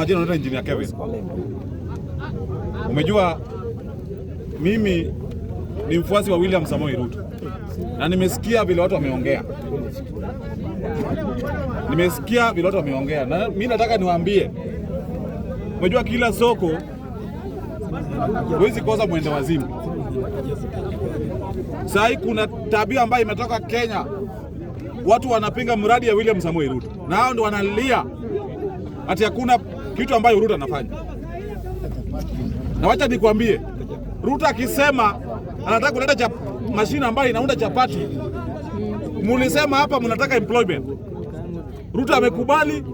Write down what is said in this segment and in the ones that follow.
Majina naitwa Engineer Kevin. Umejua mimi ni mfuasi wa William Samoei Ruto na nimesikia vile watu wameongea, nimesikia vile watu wameongea, na mimi nataka niwaambie, umejua kila soko huwezi kosa mwende wazimu. Sahii kuna tabia ambayo imetoka Kenya, watu wanapinga mradi ya William Samoei Ruto na hao ndio wanalia ati hakuna kitu ambayo Ruto anafanya. Na wacha nikwambie, Ruto akisema anataka kuleta cha mashine ambayo inaunda chapati, mulisema hapa mnataka employment. Ruto amekubali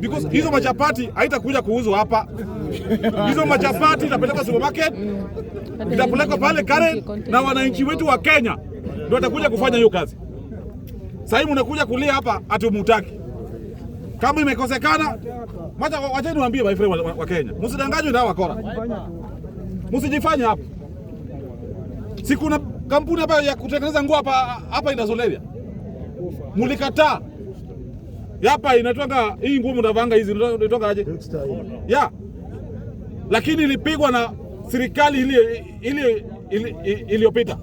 because hizo machapati haitakuja kuuzwa hapa. Hizo machapati itapelekwa supermarket, itapelekwa pale Karen, na wananchi wetu wa Kenya ndio watakuja kufanya hiyo kazi. Sasa hivi mnakuja kulia hapa ati mutaki kama imekosekana, wacha niwaambie my friend wa, Kenya, msidanganywe na wakora, msijifanye hapo. Si kuna kampuni hapa ya kutengeneza nguo hapa hapa inazoleria, mulikataa hapa inatoka hii nguo mnavanga hizi inatoka aje ya lakini ilipigwa na serikali ile ile iliyopita.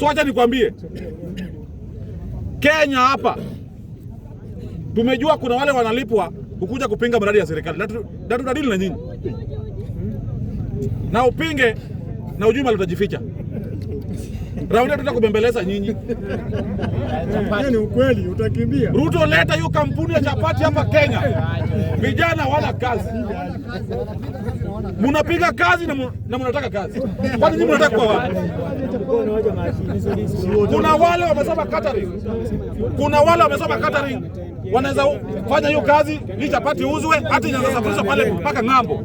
So acha nikwambie Kenya hapa Tumejua kuna wale wanalipwa kukuja kupinga mradi ya serikali na tunadili na nyinyi, na upinge na ujumbe utajificha raundi tuta kubembeleza nyinyi. Ni ukweli utakimbia. Ruto, leta hiyo kampuni ya chapati hapa Kenya. Vijana wala kazi, munapiga kazi na munataka kazi, kwani nyinyi mnataka kwa wapi? Kuna wale wamesoma catering, kuna wale wamesoma catering wanaweza fanya hiyo kazi ni chapati uzwe, hata inaweza safirishwa pale mpaka ng'ambo.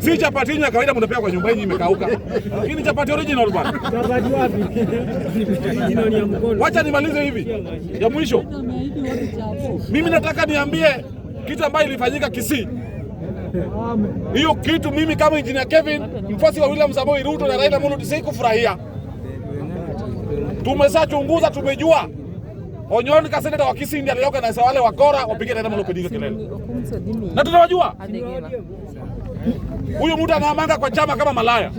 si chapati ya kawaida mnapea kwa nyumba yenyewe imekauka. Hii ni chapati original bwana. Chapati wapi? Wacha nimalize hivi ya mwisho. Mimi nataka niambie kitu ambayo ilifanyika Kisii. Hiyo kitu mimi kama Engineer Kevin, mfuasi wa William Samoei Ruto na Raila Amolo Odinga sikufurahia. Tumesachunguza tumejua Onyoni Kasende wa ndio aliyoka na wale wakora wapige tena mlo mlopiga kelele. Na tunawajua. Huyu mtu anaamanga kwa chama kama malaya.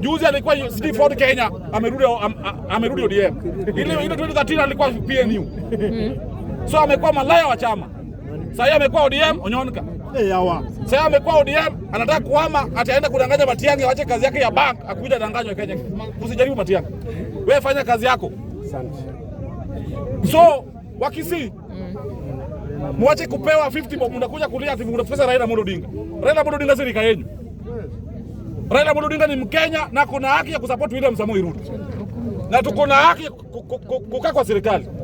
Juzi alikuwa Steve Ford Kenya, amerudi am, amerudi ODM. Ile ile 2013 alikuwa PNU. Hmm. So amekuwa malaya wa chama. Sasa yeye amekuwa ODM Onyonka. Eh, hawa. Sasa yeye amekuwa ODM, anataka kuhama, ataenda kudanganya Matiang'i, aache kazi yake ya bank, akuja danganywa Kenya. Usijaribu Matiang'i. Wewe fanya kazi yako. Asante so wakisi mm. Mwache kupewa 50 bob, mnakuja kulia ati mnatupesa Raila Amolo Odinga. Raila Amolo Odinga si rika yenu. Raila Amolo Odinga ni Mkenya na kuna haki ya kusupport William Samoei Ruto na tuko na haki kukaa kwa serikali.